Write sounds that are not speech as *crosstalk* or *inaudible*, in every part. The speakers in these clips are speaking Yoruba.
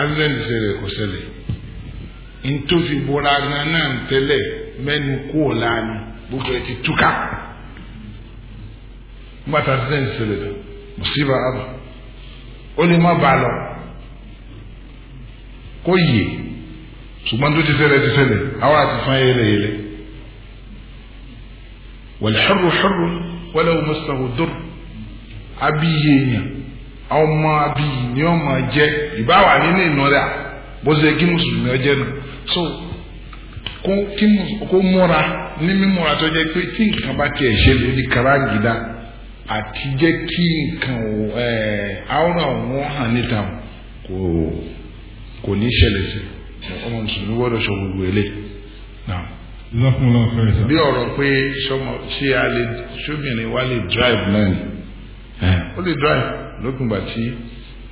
accident ṣẹlẹ̀ kò ṣẹlẹ̀ ntòfi bọ́ra gan náà tẹ́lẹ̀ mẹ́nu kú ọ̀la ni gbogbo ẹ̀ ti túká nígbà tí accident ṣẹlẹ̀ tán mùsíbà àbọ̀ ó lè má ba lọ kó yè ṣùgbọ́n tó ti ṣẹlẹ̀ ti ṣẹlẹ̀ àwọn àti san yẹlẹ yẹlẹ wal hurru hurrun walaw massahu durr ọmọ abiyì ni ọmọ jẹ ìbáwá nínú ìnura bó ṣe kí mùsùlùmí ọjẹ nù so kó kí kó múra ní mímúra tó jẹ pé tí nǹkan bá tiẹ̀ ṣe lè ní karangida àti jẹ́ kí nǹkan àwòrán òun hàn níta kò kò ní ṣẹlẹ̀ sí ọmọ mùsùlùmí gbọ́dọ̀ ṣọ gbogbo eléyìí náà bí ọ̀rọ̀ pé ṣé a lè ṣóbìnrin wa lè drive náà ni ó lè drive. lókun ìgbà tí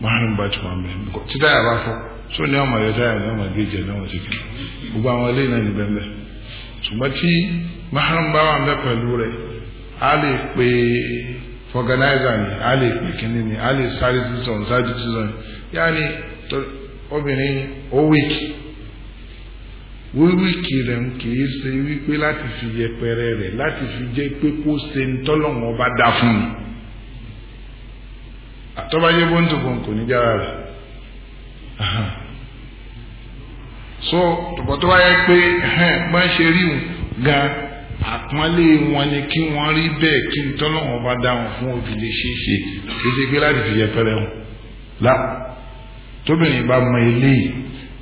márùn bá ti wà mẹ tí táyà bá fọ́ tó ní ọmọ yọ táyà ní ọmọ gèjì ẹ náà ti kí gbogbo àwọn ilé náà níbẹ̀ ńbẹ ṣùgbọ́n tí márùn bá wà mẹ pẹ̀lú a lè pe fọganáìzà ni a lè pe kínní ni a lè sáré sísan sáré sísan yáni obìnrin ó wíìkì wíwíkì rẹ̀ ń kìí ṣe wípé láti fi yẹpẹrẹ rẹ̀ láti fi jẹ́ pé kó ń fún tọ́ba yé bóńtùbọ̀n kò ní jára rẹ̀ so tọ̀pọ̀ tó wáyé pé bá ń ṣe rí gan àpọ́nlé wọn ni kí wọ́n rí bẹ́ẹ̀ kí n tọ́lọ́wọ́n bá dá wọn fún òbí lè ṣe é ṣe kí ṣe pé láti fi yẹpẹrẹ wọn lá tóbìnrin bá mọ eléyìí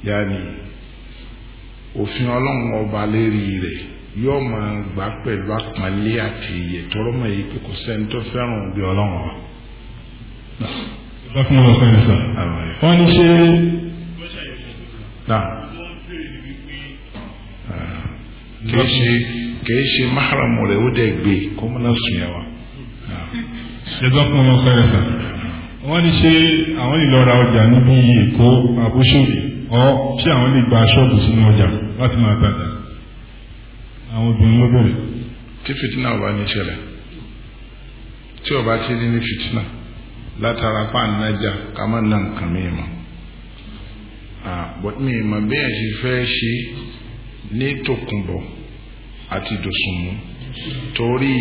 yàní òfin ọlọ́run ọba lérí rẹ̀ yóò máa gbà pẹ̀lú àpọ́nlé àti ìyẹ̀tọ́rọ́mọ yìí kò sẹ́ni tó fẹ́ràn òbí ọlọ́run ọba ìbákùnrin ọ̀sán ẹ̀sà wọ́n ní ṣe kìí ṣe kìí ṣe maharamu rẹ̀ ó dẹ̀ gbé kó mọ́ náà sùn yẹn wa. ìbákùnrin ọ̀sán ẹ̀sà wọ́n ní ṣe àwọn ìlọ́ra ọjà níbi èkó àbúṣòwì ọ ṣé àwọn lè gba ṣọ́ọ̀bù sínú ọjà láti máa tajà àwọn obìnrin ló bẹ̀rẹ̀. tí fìtínà ọba ní ṣẹlẹ̀ tí ọba ti rí ní fìtínà látara pàǹnájà ká má nà nǹkan mi mọ́ bọ́tí mi mọ̀ bí ẹ̀ ṣe fẹ́ ṣe ní tòkùnbọ̀ àti dòsùnmù torí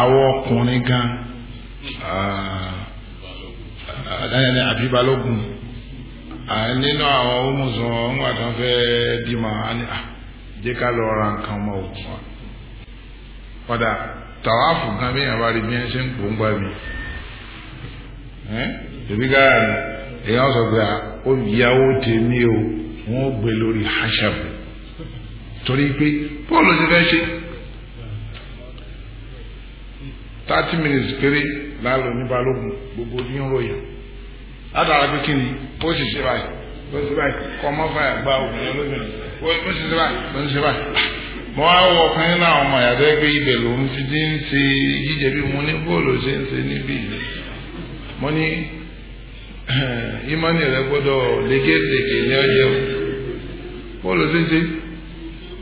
àwọn ọkùnrin gan àbí balógun nínú àwọn ọmọọ̀sán wọn tó fẹ́ bímọ jẹ́ ká lọ ra nǹkan ọmọ òkú wa padà tàwáàfù gan bí yàrá rí bí ẹ ṣe ń pò ń gbà mí. tèmi hm? gáà èèyàn sọ pé ah, ìyàwó tèmi o wọn ò gbé lórí hashabu torí pé bọ́ọ̀lù ti fẹ́ ṣe thirty minutes péré lálọ́ gbogbo ní ròyìn látara pé kí ni ó sì ṣe báyìí ó sì ṣe báyìí fàyà gba obìnrin olóbìnrin ó sì ṣe báyìí ó sì ṣe báyìí mo wá wọ ọkàn ọmọ ẹgbẹ́ ibẹ̀ lòún ti ti ń ṣe jíjẹ bí mo ní bóòlù ṣe mo *clears throat* ní ìmánì rẹ gbọ́dọ̀ lékeleke ní ọjọ́ bọ́ọ̀lù ṣe ṣe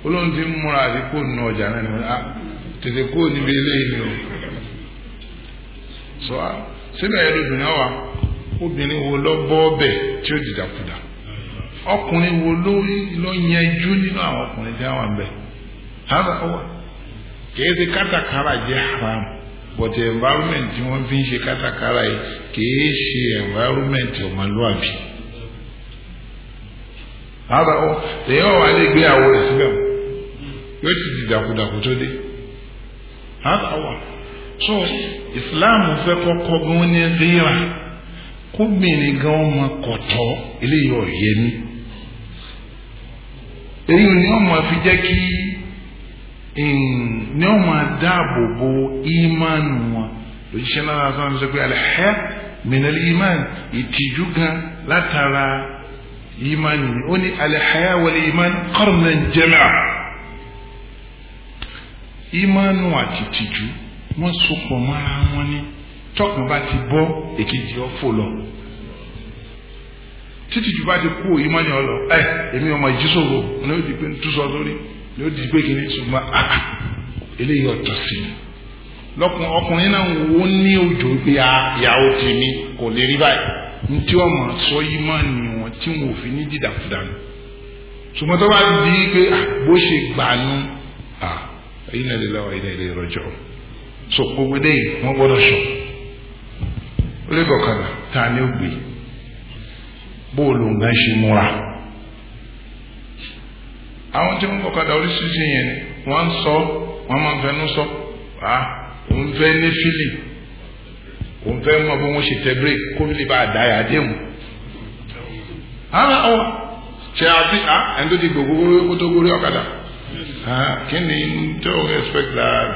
olóhùn ti ń múra àti kó nu ọjà náà ni wọ́n ah, tètè kó níbi ilé ìlú sọ ah, síbẹ̀ yẹn wa obìnrin wo lọ bọ́ ọbẹ̀ tí ó dìdàkudà ọkùnrin wo ló lọ nínú àwọn ọkùnrin haram. but environment tí wọ́n fi ń ṣe kátàkárà yìí kìí ṣe environment ọmọlúwàbí ara ọ lèyìn ọ̀wá lè gbé àwọ̀ rẹ̀ síbẹ̀ yóò ti di dàkúdàkú tó dé ara so Islam fẹ́ kọ́kọ́ gan ní rírà kóbìnrin gan ọmọ kọ̀tọ́ eléyìí ọ̀yẹ́ ní èyí ni wọ́n máa fi jẹ́ kí ní wọ́n máa dáàbò bo ìmánu wọn lójúṣe náà láti wọn sọ pé alẹ́ mìíràn ìmánu ìtìjú gan látara ìmánu ni ó ní alẹ́ wọlé ìmánu kọ́rọ̀nà jẹ́lá ìmánu àti ìtìjú wọ́n so pọ̀ mọ́ra wọn ni tọ́kàn bá ti bọ́ èkejì ọ̀fọ̀ lọ títí jù bá ti kú ìmánu ọlọ ẹ eh, èmi ọmọ ìjísòro ọ̀nà òdì pé ń tú sọ sórí ni ó di pé kí ni ṣùgbọ́n àà ah, ah, eléyìí ọ̀tọ̀ sí mi lọkùn ọkùnrin náà wo ní òjò pé ah, ìyàwó tèmi kò lè rí báyìí ní tí wọ́n mọ̀ sọ yìí máa ń níwọ̀n tí wọn ò fi ní dìdàkudà nù tó bá di pé bó ṣe gbàánu à ẹ̀yin náà lè lọ́wọ́ ẹ̀yin náà lè rọjò so gbogbo eléyìí wọ́n gbọ́dọ̀ sọ ó lè bọ̀ kàlà tá a ní ó gbé bóòlù nǹkan ṣe múra àwọn tí wọ́n kọ̀kadà oríṣiríṣi yẹn ni wọ́n ń sọ wọ́n máa ń fẹnu sọ à òun fẹ́ ní fílì òun fẹ́ mọ bí wọ́n ṣe tẹ bírèkì kó lè bá a dá yà déhùn. ara ọ ṣe àti à ẹni tó ti gbogbo kó tó ọ̀kadà kí ni tó respect that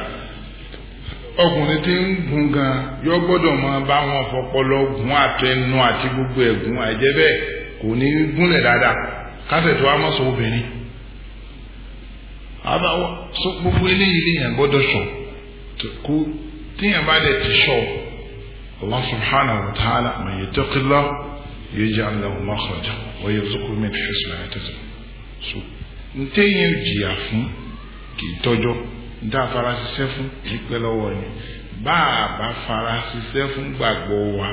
ọkùnrin tí ń gun gan yọ gbọ́dọ̀ máa bá wọn fọpọlọ gun àtẹnu àti gbogbo ẹ̀gún àìjẹ́ bẹ́ẹ̀ kò ní gúnlẹ̀ dáadáa kásẹ̀ tó wá mọ̀ sọ obìnrin àbáwọ so gbogbo eléyìí lèèyàn gbọ́dọ̀ sọ kó téèyàn bá dẹ ti sọ Allah subhanahu wa ta'ala man yattaqillah yaj'al lahu makhraja wa yarzuqhu min haythu la yahtasib so ntẹ̀yìn jìyà fún kì í tọ́jọ́ ntẹ afárá ṣiṣẹ́ fún ìpẹ́ lọ́wọ́ ni bá bá fara ṣiṣẹ́ fún gbàgbọ́ wa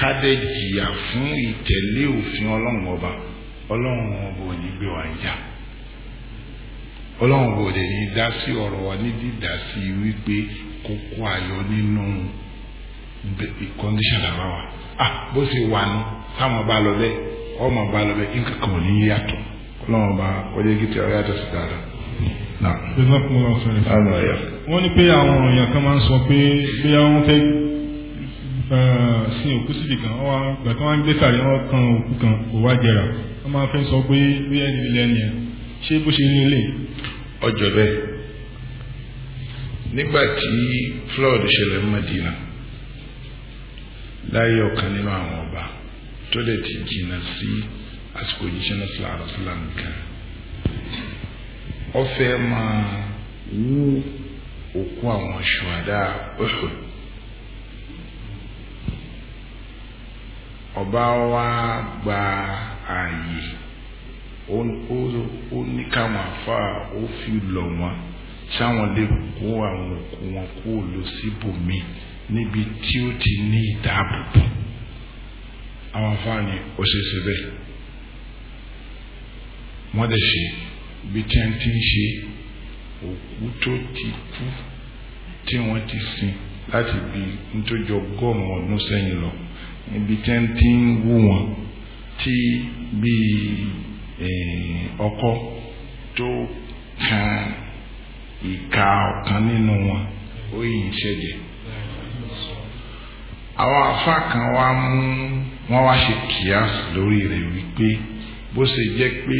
kádẹ́ jìyà fún ìtẹ̀lé òfin ọlọ́run ọba ọlọ́run ọba ò ní gbé wa ń jà ọlọ́run bò dé ní dá sí ọ̀rọ̀ wa ní dídá sí wípé kókó ayọ̀ nínú condition àbá wa ah bó ṣe wà ní táwọn bá lọ bẹ́ẹ̀ ọmọ bá lọ bẹ́ẹ̀ nǹkan kan ò ní yàtọ̀ ọlọ́run bá kọjá kí tí ọ yàtọ̀ sí dáadáa. wọ́n ní pé àwọn èèyàn kan máa ń sọ pé bí wọ́n fẹ́ sin òkú síbi kan wọ́n tí wọ́n ń gbé sàrí wọn kan òkú kan kò wá jẹrà wọ́n máa fẹ́ sọ pé bí ẹni lẹ́nu yẹn ṣé bó ṣe ní ilé ọjọ́ bẹ́ẹ̀ nígbà tí flood ṣẹlẹ̀ Madina láyé ọ̀kan nínú àwọn ọba tó lè ti jìnnà sí àsìkò òjíṣẹ́ náà sílá àrùsílà nìkan ọfẹ́ máa wú òkú àwọn ṣùwádà Uhud ọba wa gba ààyè. ó ní káwọn àfáà ó fi lọ̀ wọ́n sáwọn lè kó àwọn òkú wọn kó lọ síbòmí níbi tí ó ti ní ìdáàbòbò àwọn àfáà ni ó ṣe ṣe bẹ́ẹ̀ wọ́n dẹ̀ ṣe bí tí wọ́n ti ń ṣe òkú tó ti kú tí wọ́n ti sin láti bí nítòjọ ọgọ́rùn ọdún sẹ́yìn lọ níbi tí wọ́n ti ń wú wọn tí bíi. Eh, ọkọ tó kan ìka ọ̀kan nínú wọn ó yìí ń ṣẹ̀jẹ̀ àwọn afa kan wá mú wọn wá ṣe kíyàs lórí rẹ̀ wípé bó ṣe jẹ́ pé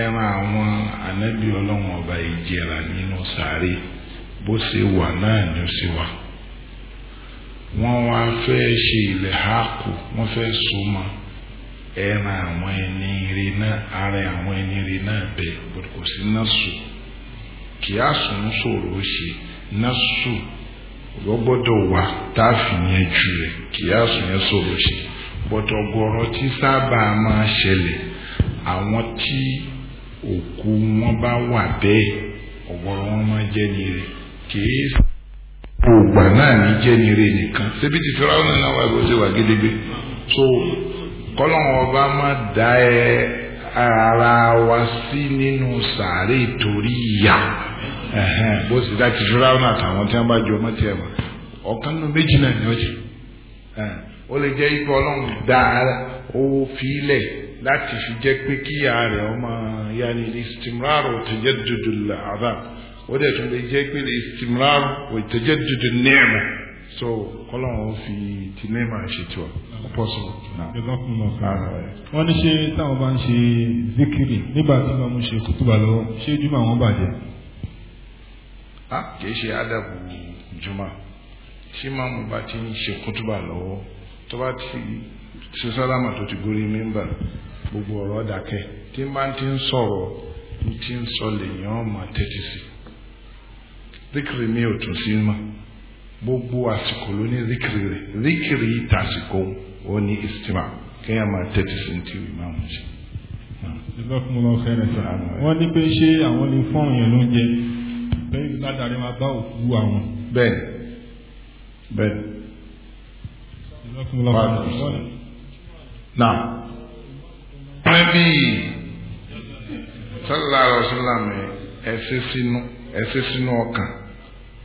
ẹran àwọn ànábì ọlọ́run ọba ìjẹra nínú sàárè bó ṣe wà náà ni ó ṣe wà wọn wá fẹ́ ṣe ilẹ̀ háàkù wọ́n fẹ́ so ẹran a ẹni rí náà ara àwọn ẹni rí náà bẹ bọ́dọ̀ kò sí násù kì á sùn sòrò ó ṣe násù a yẹn jù rẹ̀ kì á sùn yẹn sòrò ó ṣe bọ́dọ̀ gọ̀ọ̀rọ̀ tí sábà máa ṣẹlẹ̀ wọn bá wà bẹ́ẹ̀ ọ̀gọ̀rọ̀ ni kọ́lọ́wọ́n ọba má da ẹ ara wa sí nínú sàárè torí ìyá bó sì dá tìṣúra náà àtàwọn tí wọ́n bá jọ ọmọ tiẹ̀ wá ọ̀kan nínú méjì náà ni ó jẹ ó lè jẹ́ ipò ọlọ́run dá ó fi láti fi jẹ́ pé kíyà rẹ̀ ọmọ yanni istimraru tajaddudul azab ó dẹ̀ tún lè jẹ́ pé istimraru wa tajaddudun ni'ma so kọ́lọ́run fi tilé máa ṣe tiwa pọ́sọ̀ wọ́n ní ṣé táwọn bá ń ṣe zikiri nígbà tí wọ́n mú ṣe kútùbà lọ́wọ́ ṣé jùmọ̀ wọn bàjẹ́. a kì í ṣe ádàbù juma ṣé máa mú bá ti ń ṣe kútùbà lọ́wọ́ tó bá ti ṣe sálámà tó ti gorí mímbà gbogbo ọ̀rọ̀ dákẹ́ tí máa ti ń sọ̀rọ̀ ti ń sọ lèèyàn máa tẹ́tí sí zikiri mi ò tún sí mọ́ gbogbo àsìkò ló ní zikiri rẹ̀ zikiri tàsìkò ó ní istima kéèyàn máa tẹ́tí sí ti ìmáàmù ṣe. jazakumullahu khairan wọ́n ní pé ṣé àwọn lè fún òyìn ló ń jẹ lẹ́yìn ládàrí máa bá òkú àwọn. bẹ́ẹ̀ bẹ́ẹ̀. jazakumullahu khairan. náà pẹ́ẹ́bí sallallahu alaihi wasallam ẹ̀ ẹ̀ ṣe sínú ọkàn.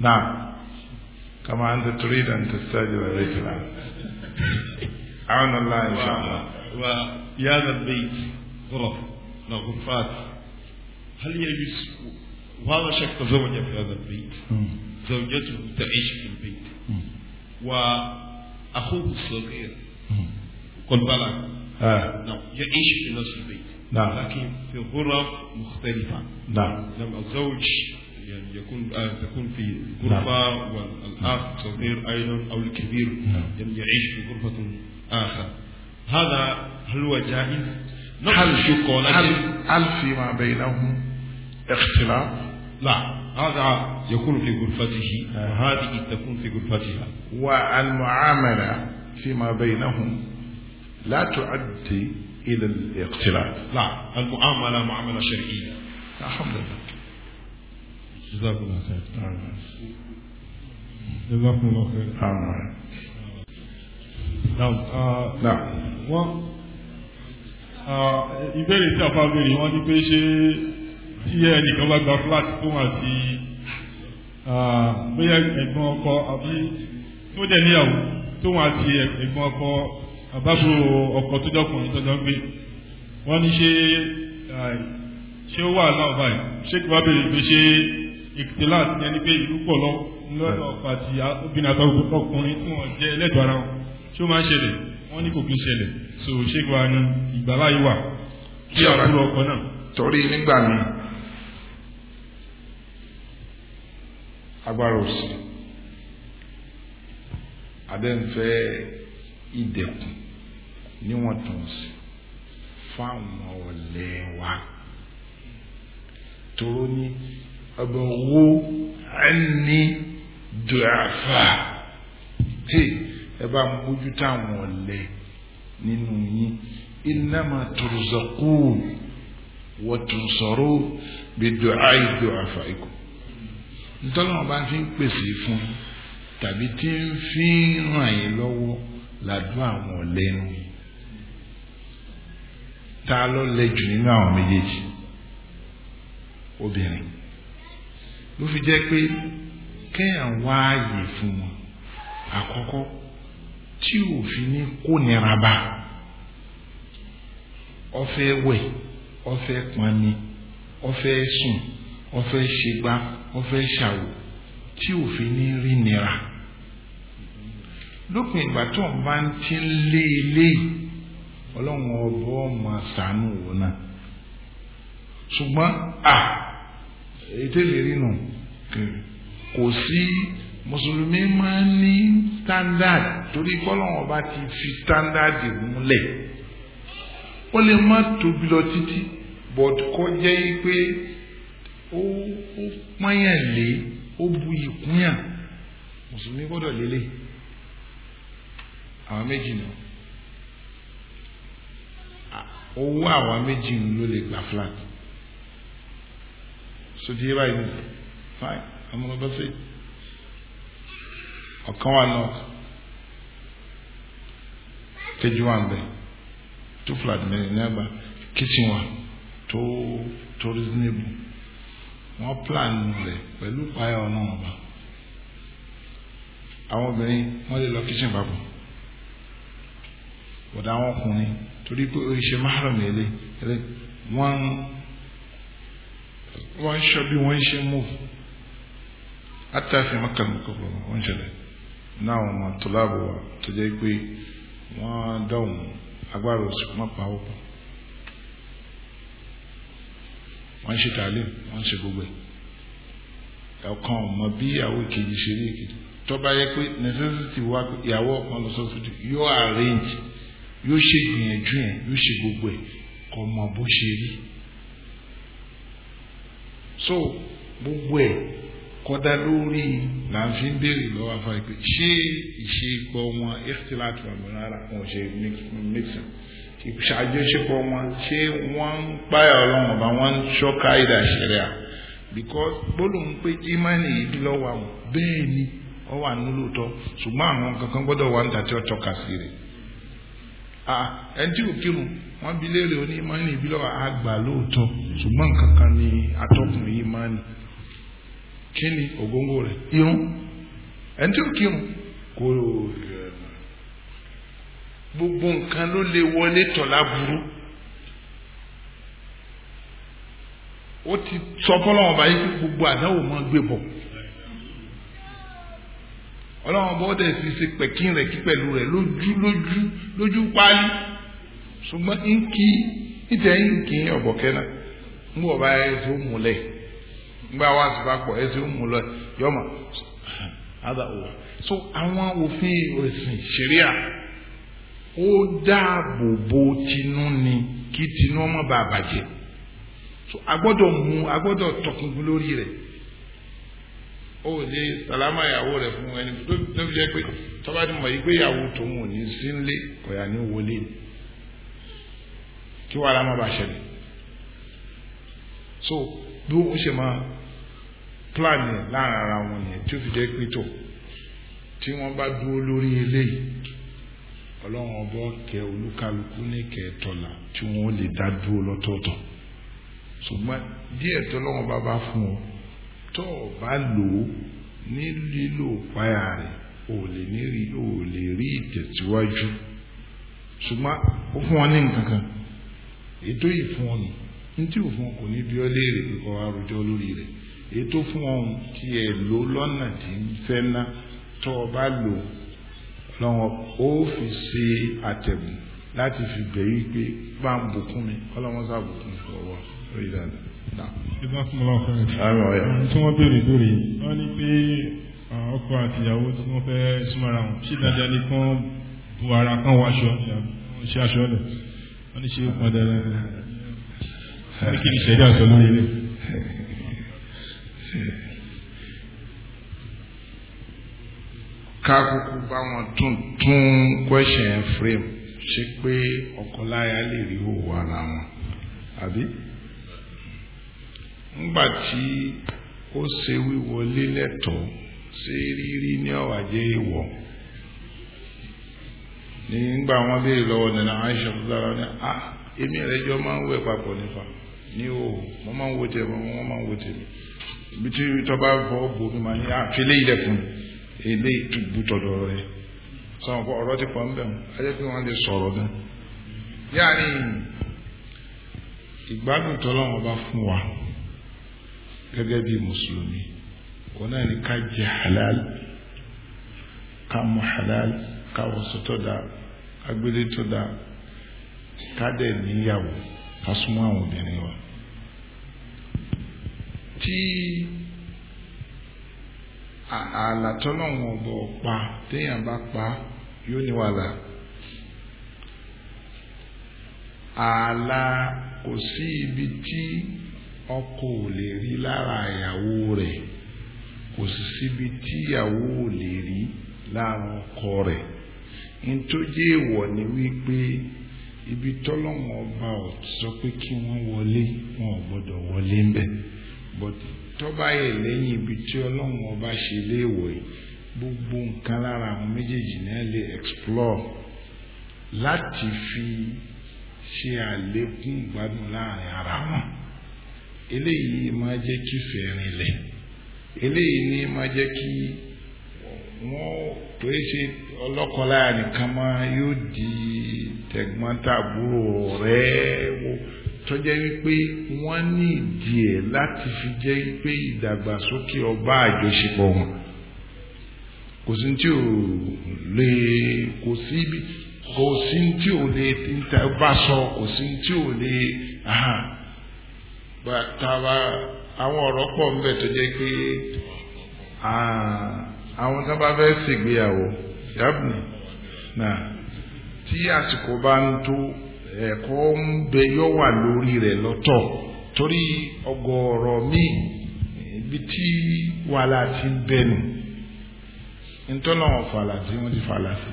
نعم كما أنت تريد أن تستأجر الآن عون الله إن شاء الله ويا ذا البيت غرف نعم، غرفات هل يجوز وهذا شك زوجة في هذا البيت زوجته تعيش في البيت وأخوه الصغير قل بلى آه. نعم يعيش في نفس البيت نعم لكن في غرف مختلفة نعم لما الزوج يعني يكون آه تكون في نعم. غرفة والأخ صغير أيضا أو الكبير يعني يعيش في غرفة آخر هذا هل هو جائز؟ هل هل هل فيما بينهم اختلاف؟ لا هذا يكون في غرفته آه. وهذه تكون في غرفتها والمعاملة فيما بينهم لا تؤدي إلى الاختلاف لا المعاملة معاملة شرعية الحمد لله Jazakumullah khair. Jazakumullah khair. Now, uh, wọ́n uh, ìbéèrè tí a fa béèrè wọ́n ní pé ṣé tí ẹnìkan bá gba flat tó wà sí bóyá ẹ̀gbọ́n ọkọ àbí tó dẹ̀ níyàwó tó wà sí ẹ̀gbọ́n ọkọ àbábò ọkọ tó jọkùnrin tó jọ ń gbé wọ́n ní ṣé uh, ṣé ó wà náà báyìí ṣé kí wọ́n béèrè pé ṣé ìkìtìláàtì yẹn pé ìlú lọ lọ́dọ̀ ọ̀pá obìnrin àtàwọn ọkùnrin tí wọ́n jẹ́ ẹlẹ́dọ̀ ara wọn tí ó máa ń ṣẹlẹ̀ wọ́n ní kò kí ń ṣẹlẹ̀ so ṣégun ni ìgbà láyé wà kí àbúrò ọkọ náà. torí nígbà náà agbára òsì adẹ́nfẹ́ ìdẹ̀kùn níwọ̀ntúnṣe fáwọn ọ̀lẹ́ wa toró ní ọgbọ̀n wo ẹni dùràfà ẹ bá ń bójú táwọn ọ̀lẹ nínú yín innama turzaqun wa tunsaru bi du'ai du'afaikum ntọ́lọ́wọ́n bá fi ń pèsè fún tàbí tí fi ràn yín lọ́wọ́ làdúrà àwọn ọ̀lẹ́nu ta ló lẹ jù nínú àwọn méjèèjì ló fi jẹ́ pé kéèyàn wá ààyè fún wọn àkọ́kọ́ tí òfin ní kó nira bá ọfẹ wẹ̀ ọfẹ pọnmi ọfẹ sùn ọfẹ ṣègbà ọfẹ ṣàwò tí òfin ní rí nira lópin ìgbà tó ń bá ti ń lé eléyìí ọlọ́run ọbọ̀ ọmọ sànú wò náà ṣùgbọ́n à. Ah, ètò ìlérí nù kò sí mùsùlùmí máa ń ní standard torí kọ́lọ́wọ́n bá ti fi standard múlẹ̀ ó lè má tóbi lọ títí but kọ́ jẹ́ pé ó ó pọ́nyàn lé ó bu ìkúnyà mùsùlùmí gbọ́dọ̀ lélẹ̀ àwọn méjì náà owó àwọn méjì ló lè gba flat sotí yé báyìí nìyí fine àmọ́ bá fẹ́ ọ̀kan wà náà kejì wà bẹ́ẹ̀ tó flat mẹ́rin ní àgbà kitchen wà tó tó reasonable wọ́n plan rẹ̀ pẹ̀lú payọ̀ náà bá àwọn obìnrin wọ́n lè lọ kitchen papọ̀ ọ̀dà àwọn ọkùnrin torí pé oríṣi mahram yẹlẹ wọ́n wọ́n ń ṣọ́ one wọ́n move? mú àtàfẹ́ mọ́kànlélọ́kọ̀ wọ́n ṣẹlẹ̀ náà wọn máa tó láàbò wa tó jẹ́ pé wọ́n dáhùn agbára oṣù wọn pa ó pọ̀ wọ́n ṣe tààlẹ́ wọ́n ṣe gbogbo ẹ̀ ọ̀kan ọ̀mọ bí ìyàwó kejì ṣe rí èkejì tó bá yẹ pé necessity wa ìyàwó ọ̀kan lọ sọ́sọ́dọ̀ yóò arrange yóò ṣe ìgbìyànjú yẹn yóò ṣe gbogbo ẹ̀ kọ́ mọ bó ṣe rí so gbogbo ẹ̀ kọ́dá lórí là ń fi ń béèrè lọ́wọ́ afá yìí pé ṣé ìṣe gbọ́ wọn ẹ́sítíláàtì wọn rárá wọn ṣe mixin ṣàjọṣepọ̀ wọn ṣé wọ́n ń páyà ọlọ́run ọba wọ́n ń ṣọ́ká ìdàṣẹ́rẹ́ à because gbólóhùn pé ìmánì yìí lọ́wọ́ àwọn bẹ́ẹ̀ ni ọ wà nílò tọ́ ṣùgbọ́n àwọn kankan gbọ́dọ̀ wà ń tàtí ọ̀tọ́ka sí rẹ̀ ẹni tí ò kírun wọ́n bi léèrè oní ìmánì ìbílẹ̀ wà á gbà lóòótọ́ ṣùgbọ́n nǹkan kan ni atọ́kùn yìí máa ní kí ni ògóńgó rẹ̀ irun ẹni tí kò gbogbo nǹkan ló lè wọlé tọ̀ láburú ó ti sọ fọlọ́wọ́n báyìí gbogbo àdáwò máa gbé bọ̀ ọlọ́run bó dẹ̀ fi ṣe pẹ̀kín rẹ̀ kí pẹ̀lú rẹ̀ lójú lójú lójú pálí ṣùgbọ́n ń kí níta ń kí ọ̀bọ̀kẹ́ náà ń bọ̀ bá ẹsẹ̀ ó múlẹ̀ ńgbà wá sí papọ̀ ẹsẹ̀ ó múlẹ̀ yọmọ ada o so àwọn òfin ẹ̀sìn ṣẹ̀ríà ó dáàbò bo tinú ni kí tinú ọmọ bá bàjẹ́ so agbọ́dọ̀ mú agbọ́dọ̀ tọkùnkùn lórí rẹ̀ ó lè sàlámà ìyàwó rẹ̀ fún ẹni tó fi jẹ́ pé tọ́ba ti mọ̀ yí pé ìyàwó tòun ò ní sí ńlé kò ní wọlé kí wàhálà má bàa ṣẹlẹ̀ so bí ó ṣe máa plan yẹn láàrin ara wọn yẹn tí ó fi jẹ́ pé tó tí wọ́n bá dúró lórí eléyìí ọlọ́run ọbọ̀ kẹ olúkálukú ní kẹtọ́là tí wọ́n lè dá dúró lọ́tọ̀ọ̀tọ̀ ṣùgbọ́n díẹ̀ tọ́lọ́run bá bá fún ọ tó o bá lò ó ní lílò páyà rẹ̀ ò lè ní rí ò lè rí ìtẹ̀síwájú ṣùgbọ́n ó fún wọn ní nǹkan kan ètò yìí fún wọn nù ntí ò fún wọn kò ní bí ọ léèrè kíkọ àròjọ lórí rẹ̀ ètò fún wọn tí ẹ lò lọ́nà tí ń fẹ́ ná tó o bá lò lọ́wọ́ ó fi ṣe àtẹ̀gùn láti fi bẹ̀ yí pé bá ń bùkún mi ọlọ́wọ́n sá bùkún fún ọwọ́ lórí dáadáa. ìdásùnmọ́lá ọ̀fẹ́ rẹ̀ tí wọ́n béèrè béèrè wọ́n ní pé ọkọ àti ìyàwó tí wọ́n fẹ́ súnmọ́ra wọn ṣé dájá ní kán bu ara kán wọ aṣọ ni wọ́n ṣe aṣọ lẹ̀ wọ́n ní ṣe padà ní kí ni ṣẹ̀dí lórí ilé. ká kúkú bá wọn tún tún question frame ṣe pé ọkọ láya lè rí òwò ara wọn àbí ńgbà tí ó ṣe wíwọlé lẹ́tọ̀ọ́ siriri ní ọ̀wà jẹ́ ìwọ̀ nígbà wọn béèrè lọ́wọ́ nínú Aisha lára ní à èmi jọ máa ń wẹ̀ n'i nípa ní o wọ́n máa ń wo tèmi wọ́n máa ń wo tèmi ibi tí tó bá fọ́ bò mí máa ní ìtùbù ti pọ̀ ń bẹ̀rù pé lè yáàni ìgbádùn fún wa bí mùsùlùmí òun náà ni ká jẹ halal ká mu halal ká wọṣọ tó da, ká gbélé tó dáa ká dẹ̀ níyàwó ká súnmọ́ àwọn obìnrin wa. tí ààlà tọ́lọ́wọ̀n ọ̀bọ̀ pa téèyàn bá pa yóò ní wàhálà. ààlà kò sí ibi tí ọkọ ò lè rí lára ìyàwó rẹ̀ kò sì síbi tíyàwó ò lè rí láàrin ọkọ rẹ̀ ntójú èèwọ̀ ni wípé ibi tọ́lọ́mọ ọba ò sọ pé kí wọ́n wọlé wọn ò gbọ́dọ̀ wọlé ń bẹ̀ but tọ́ba lẹ́yìn ibi tí ọlọ́mọ ọba ṣe léèwọ̀ yìí gbogbo nǹkan lára àwọn méjèèjì náà lè explore láti fi ṣe àlékún ìgbádùn láàrin ara wọn eléyìí máa jẹ́ kí fẹ́ẹ́ rinlẹ̀. eléyìí ihe ma jẹ́ kí wọ́n pé ṣe ọlọ́kọláya nìkan máa yóò di tẹ̀gbọ́ntàbúrò rẹ̀ wò tọ́jẹ́ wípé wọ́n ní ìdí ẹ̀ láti fi jẹ́ wípé ìdàgbàsókè ọba àjọṣepọ̀ wọn kò sí tí ò lè kò sí kò sí tí ò lè bá sọ kò sí tí ò lè tá àwọn ọ̀rọ̀ pọ̀ ń bẹ tó jẹ́ pé àwọn tó bá fẹ́ ṣègbéyàwó yabni náà tí àsìkò bá ń tó ẹ̀kọ́ ń bẹ yóò wà lórí rẹ̀ lọ́tọ̀ torí ọgọ́rọ̀ míì ibi tí wàhálà ti ń bẹ nù ntọ́nà wọn fàlà tí wọ́n ti fàlà sí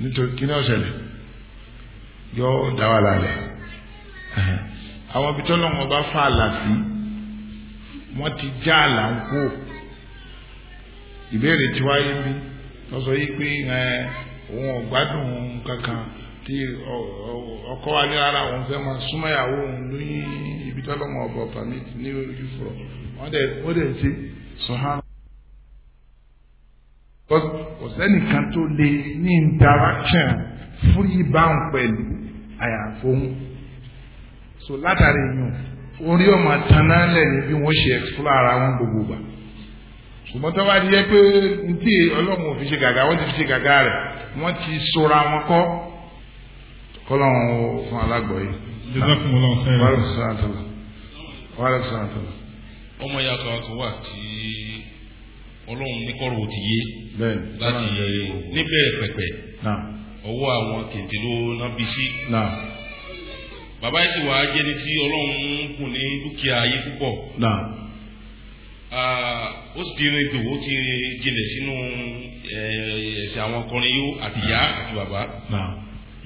nítorí kí ni ọ̀sẹ̀ yọ dá wàhálà àwọn ibi tọ́lọ́wọ́n bá fa àlà sí wọ́n ti já àlà ń kó ìbéèrè tí wáyé bí wọ́n sọ yìí pé òun ọ̀gbádùn kankan tí ọkọ wa ní ara òun fẹ́ máa súnmọ́ ìyàwó òun lóyún ibi tọ́lọ́wọ́n ọ̀bọ̀ permit ní ojú fúrọ̀ wọ́n dẹ̀ wọ́n dẹ̀ ṣe sọ̀hánà. kò sẹ́nìkan tó lè ní interaction fún ìbáhùn pẹ̀lú àyàfóhùn so látàrí yìí orí ọmọ tanná lẹ̀ ní bí wọ́n ṣe explore ara wọn gbogbo gbà ṣùgbọ́n tó bá di yẹ pé ntí ọlọ́run ò fi ṣe gàgà wọ́n ti fi ṣe gàgà rẹ̀ wọ́n ti sora wọn kọ́ kọ́lọ́run fún alágbọ̀ yìí. jazakumullahu khairan. wàhálà sàn àtàlà wàhálà sàn ọmọ ìyá kan kan wà tí ọlọ́run ní ò ti yé láti níbẹ̀ pẹ̀pẹ̀ ọwọ́ àwọn kèntè ló nábì sí bàbá yìí sì wá jẹni tí ọlọ́run ń kùn ní dúkìá ayé púpọ̀. ó sì ti rin ìdòwò ti jinlẹ̀ sínú ẹ̀sìn àwọn ọkùnrin yó àti ìyá àti bàbá.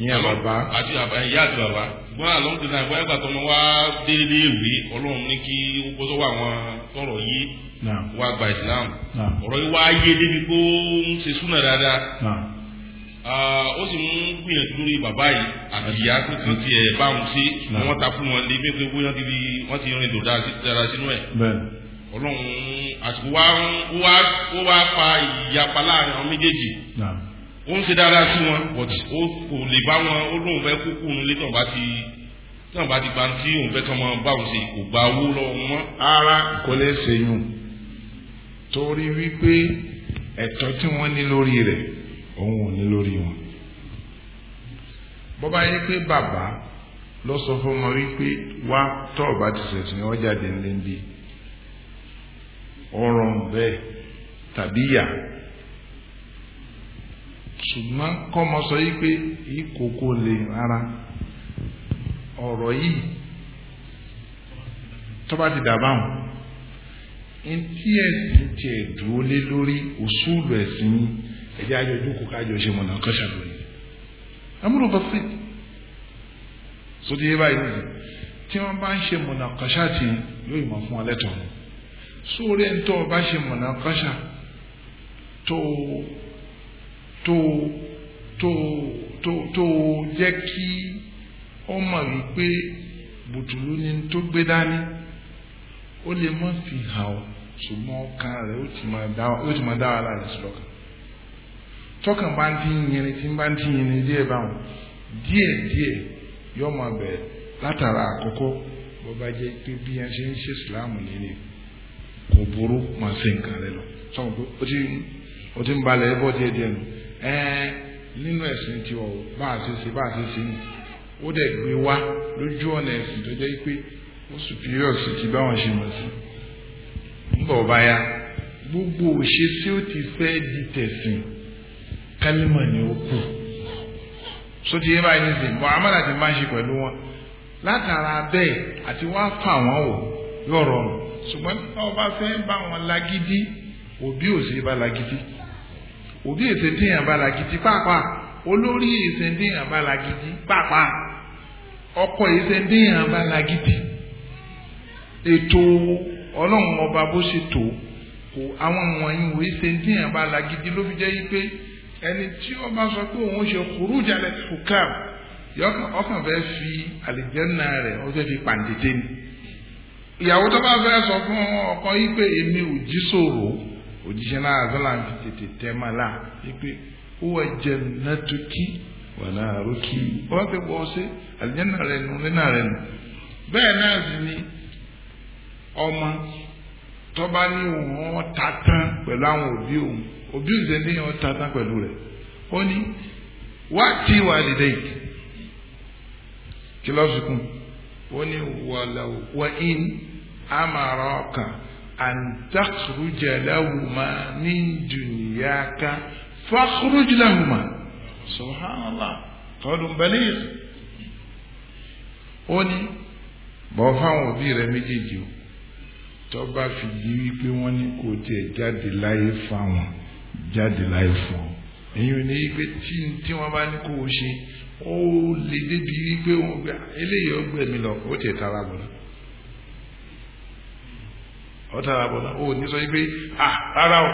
ìyá bàbá àti bàbá ìyá àti bàbá. ṣùgbọ́n àlọ́n ti náà ìgbà tó wọn wá délé ìwé ọlọ́run ní kí ó bọ́ sọ́wọ́ àwọn tọrọ yìí wá gba ìsìlámù. ọ̀rọ̀ yìí wá yé débi kó ń ṣe súnà dáadáa. Ah, ó sì ń gbìyànjú lórí bàbá yìí àti ìyá tó kàn sí ẹ bá wọn ṣe ṣùgbọ́n wọ́n ta fún wọn lé pé wọ́n ti rí wọ́n ti rìn dòdà dára sínú ẹ̀. ọlọ́run àsìkò wa ó wá ó wá fa ìyapa láàrin àwọn méjèèjì ó ń ṣe dára sí wọn but ó kò lè bá wọn ó lóun fẹ́ kó kúrun lé tàn bá ti tàn bá ti gba tí òun fẹ́ kàn máa bá ṣe kò gba owó lọ́wọ́ wọn. ara kò lè ṣèyún torí wípé ẹ̀tọ́ tí wọ́n ní lórí rẹ̀ òun ò ní lórí wọn. bọ́bá yẹ pé bàbá lọ sọ fún ọmọ wípé wá tọ́ ọba ti sẹ̀sìn ọ jáde ńlẹ́ ń bí ọ̀rọ̀ bẹ́ẹ̀ tàbí yà ṣùgbọ́n kọ́mọ sọ yìí pé ìkókó lè rárá ọ̀rọ̀ yìí tọ́ba ti dà báwọn ntí ẹ̀sìn tiẹ̀ dúró lé lórí òṣùlù ẹ̀sìn yìí Kajajo juu kukajoshe mwanakasha ndoni. Amru basit. So di báyìí nìyí. Tí wọ́n bá ń ṣe mọ̀nàkọ́ṣà tí yóò yìí mọ̀ fún ọ Sóòrè ń tọ́ ọ bá ṣe mọ̀nàkọ́ṣà tó tó tó tó tó jẹ́ kí ọ mọ̀ wípé bùtùlù ni tó gbé dání ó lè mọ̀ fi hàn ṣùgbọ́n ọkàn rẹ̀ ó ti máa dá tọ́kàn bá ń ti yìnrìn tí ń bá ń ti yìnrìn díẹ̀ báwọn díẹ̀ díẹ̀ yóò máa bẹ̀ látara àkọ́kọ́ bó bá jẹ́ pé bí wọ́n ṣe ń ṣe ìsìláàmù nínú kò burú máa ṣe nǹkan rẹ lọ sọ̀rọ̀ pé ó ti ó ti ń balẹ̀ ẹ bọ́ díẹ̀ díẹ̀ nù nínú ẹ̀sìn tí ọ̀ bá a ṣe ṣe bá a ṣe ṣe nù lójú ọ̀nà ẹ̀sìn tó jẹ́ pé ó superior sí ti báwọn ṣe mọ̀ sí ń bọ̀ báyà gbogbo òṣèṣe ó ti fẹ́ di tẹ̀sìn kálímà ni ó kù so ti yé báyìí nísìnyí muhammad àti máa ń ṣe pẹ̀lú wọn látara bẹ́ẹ̀ àti wá fà wọ́n wò yóò rọrùn ṣùgbọ́n ọba fẹ́ bá wọn lagidi òbí ò sí bá lagidi òbí èsè díyàn bá lagidi pàápàá olórí èsè díyàn bá lagidi pàápàá ọkọ èsè díyàn bá lagidi ètò ọlọ́run ọba bó ṣe tò àwọn wọ̀nyí wò èsè díyàn bá lagidi ló fi jẹ́ yí pé ẹni tí ó bá sọ pé òun ṣe kúrú jalè fukam yọkàn ọkàn fẹ́ fi àlìjẹ́nà rẹ̀ ó fẹ́ fi pàǹdété ni ìyàwó tó bá fẹ́ sọ fún ọkọ yìí pé èmi ò jí sòrò òjíṣẹ́ náà àzọ́là ń fi tètè tẹ́ máa là wípé ó wà jẹ́ nàtúkì wà láàrókì ó wá pé wọ́n ṣe àlìjẹ́nà rẹ̀ nù nínà rẹ̀ nù bẹ́ẹ̀ náà sì ni ọmọ tó bá ní òun ọ̀ ta tán pẹ̀lú àwọn òbí òun òbíùsẹ̀ ní ọ̀tá tán pẹ̀lú rẹ̀ ó ní wá tí wà lédè yìí kí ló fi kún ó ní wàlàwò wà ín àmàrà ọkàn àǹtàkùrújà láwùmá ní dùnìyàká fàkùrújì láwùmá subhanallah tọdún bẹ́lẹ̀ ó ní bọ́ fáwọn òbí rẹ̀ méjèèjì o tọ́ wípé wọ́n ní kò tiẹ̀ jáde láyé fáwọn jáde láì fún ọ èyí ni wípé tí tí wọ́n bá ní kó o ṣe ó lè débi wípé wọ́n gbé eléyìí ọgbẹ́ mi lọ ó tẹ̀ tara bọ̀ náà ó tara bọ̀ náà ó ní sọ wípé à rárá o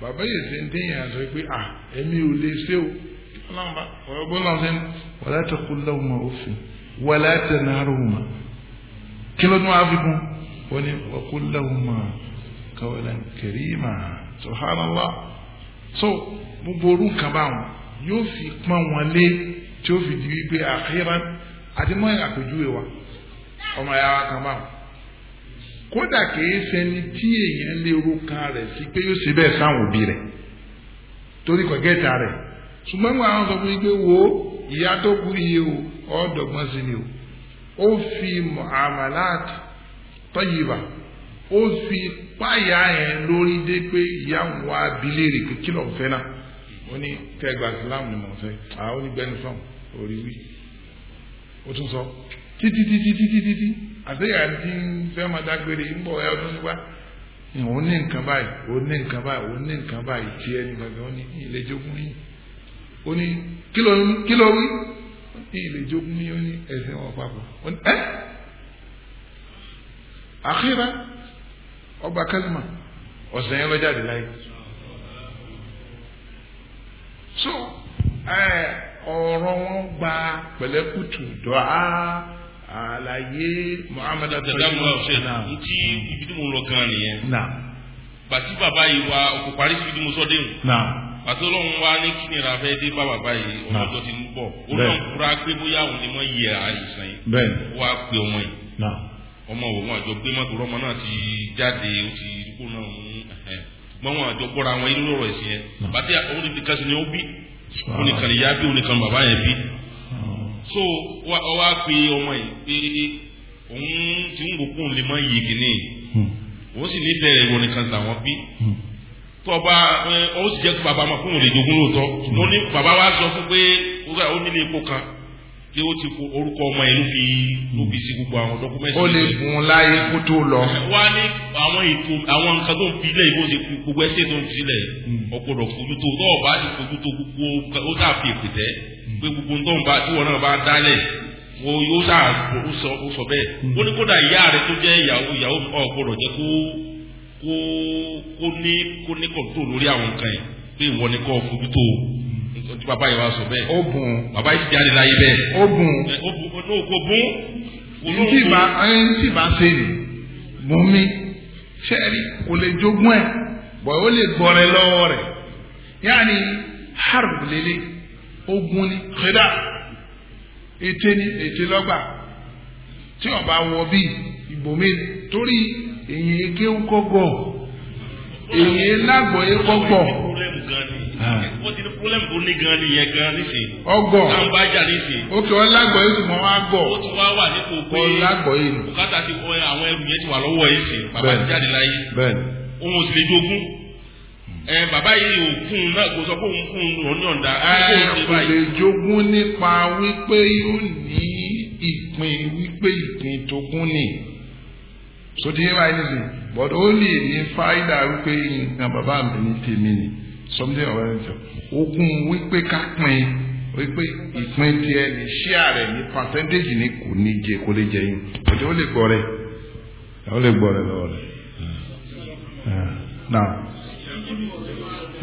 bàbá yìí ṣe ń déyìn àṣọ wípé à èmi ò lè ṣe o ọgbọ́n náà ṣe ń wàlá tó lọ́wọ́ ma ó fún wàlá tẹ̀ náà rò wọ́n kí ló tún wá fi kún wọ́n ní wàkú lọ́wọ́ ma kawlan karima subhanallah so gbogbo orú nǹkan báwọn yóò fi pọ́n wọn lé tí ó fi di wípé àkíran àti mọ́ àpèjúwe wa ọmọ ẹ̀yà wa kan báwọn kódà kìí ṣẹni tí èèyàn lè ro kan rẹ̀ sí pé yóò ṣe bẹ́ẹ̀ sáwọn òbí rẹ̀ torí kò gẹ́ta ṣùgbọ́n gbọ́n àwọn sọ fún yín pé wo ìyá tó kú iye o ọ̀ọ́dọ̀gbọ́n sí ni o ó fi muamalat tayyiba ó fi páyà yẹn lórí dé pé ìyá òun wá abilé rè pé kí ló ń fẹ́ náà ó ní tẹ́gbà islam ni mò ń fẹ́ àwọn onígbẹ́ni sàn orí wí ó tún sọ títí títí títí títí àtẹ̀yà tí ń fẹ́ máa dágbére ń bọ̀ ẹ ọdún nígbà òun ní nǹkan báyìí òun ní nǹkan báyìí òun ní nǹkan báyìí tí ẹni gbàgbé ó ní ilé jogún yìí ó ní kí ló wí ilé jogún yìí ó ní ẹsẹ̀ wọn papọ̀ ó ní ẹ́ àkírà ọgbà kálímà ọ̀sẹ̀ yẹn ló láyé. so ọ̀rọ̀ wọn gba pẹ̀lẹ́kùtù dọ́à àlàyé muhammed atọ́jú náà. ntí ibi lọ gan nìyẹn. na. bàtí bàbá yìí wa òkú parí síbi tí sọ déhùn. na. bàtí ọlọ́run wa ní kí nira fẹ́ dé bá bàbá yìí ọlọ́jọ́ ti ń bọ̀. ó lọ́n kura pé bóyá òun ni wọ́n yẹ àìsàn yìí. bẹ́ẹ̀ wọ́n á pe ọmọ yìí. na ọmọ òun àjọ gbé mọ́tò rọ́mọ náà ti jáde ó ti kó náà ń gbọ́n wọn àjọ gbọ́ra àwọn inú lọ́rọ̀ ẹ̀sìn yẹn hmm. bàtí òun ti kásì ni ó bí òun nìkan bí òun bàbá yẹn bí. Hmm. so ọ wá pe ọmọ yìí pé òun ti ń gbòkó òun lè má yí kìíní hmm. òun sì nífẹ̀ẹ́ rẹ̀ òun nìkan làwọn bí. tó ọba ó sì jẹ́ kó bàbá máa fún òun lè jogún lóòótọ́ lóní bàbá wa sọ fún pé ó nílé epo kan tí ó ti fo orúkọ ọmọ yìí ló fi ló fi sí gbogbo àwọn dọkúmẹ́ntì. ó lè gun láyé kó tó lọ. wá ní àwọn ètò àwọn nǹkan tó ń fi lẹ̀ ìbò ṣe gbogbo ẹsẹ̀ tó ń fi lẹ̀ hmm. ọ̀pọ̀lọ̀ fojú tó tó ọ̀bá ti fojú tó gbogbo ó sà fi èpè tẹ́ hmm. pé gbogbo ń tọ́nba tí wọn náà bá dálẹ̀ wo yóò sà ó sọ ó sọ bẹ́ẹ̀. Hmm. ó ní kódà ìyá rẹ tó jẹ́ ìyàwó ìyàwó ọ̀pọ̀lọ̀ jẹ́ kó kó ní kó ní kọ̀ọ̀tò ojú bàbá yìí wá sọ bẹ́ẹ̀. ó bùn. bàbá yìí ti jáde láyé bẹ́ẹ̀. ó bùn. ó bùn ó kò bùn. ntí bá ntí bá ṣe ni mú mi kò lè jogún ẹ̀ bọ̀ ó lè gbọ́rẹ̀ lọ́wọ́ rẹ̀ yáàni harb lélẹ̀ ogun ni kẹ́dà ète ni ète lọ́gbà tí ọba wọ bíi ìbòmí torí èyí ké ń kọ́gbọ̀ èyí lágbọ̀ọ́ yẹ kọ́gbọ̀ problem tó ní gan nìyẹn gan nísìn. ọgọ àǹbájà nísìn. ó kì í ọlágbọ̀ yìí ṣùgbọ́n wọ́n á gbọ̀. ó ti wá wà nípò pé ọlágbọ̀ yìí nù. bùkátà ti kọ àwọn ẹrù yẹn ti wà lọ́wọ́ yìí sìn bàbá ti jáde láyé. bẹ́ẹ̀ni. òun ò sì lè jogún. ẹ bàbá yìí ò kún un náà kò sọ pé òun kún un lọ ní ọ̀dà. ẹ kò lè jogún nípa wípé yóò ní ìpín wípé ìpín tógún ni so di yẹn ní sìn but ó lè ní fáyidà wípé nǹkan bàbá mi ní tèmi ni something of that nature ó kún wípé ká pín wípé ìpín tiẹ̀ ní ṣíà rẹ̀ ní pàṣẹ́ntéèjì ní kò ní jẹ kó lè jẹ yín ọjọ́ ó lè gbọ́ rẹ̀ ó lè gbọ́ rẹ̀ lọ́wọ́ rẹ̀ náà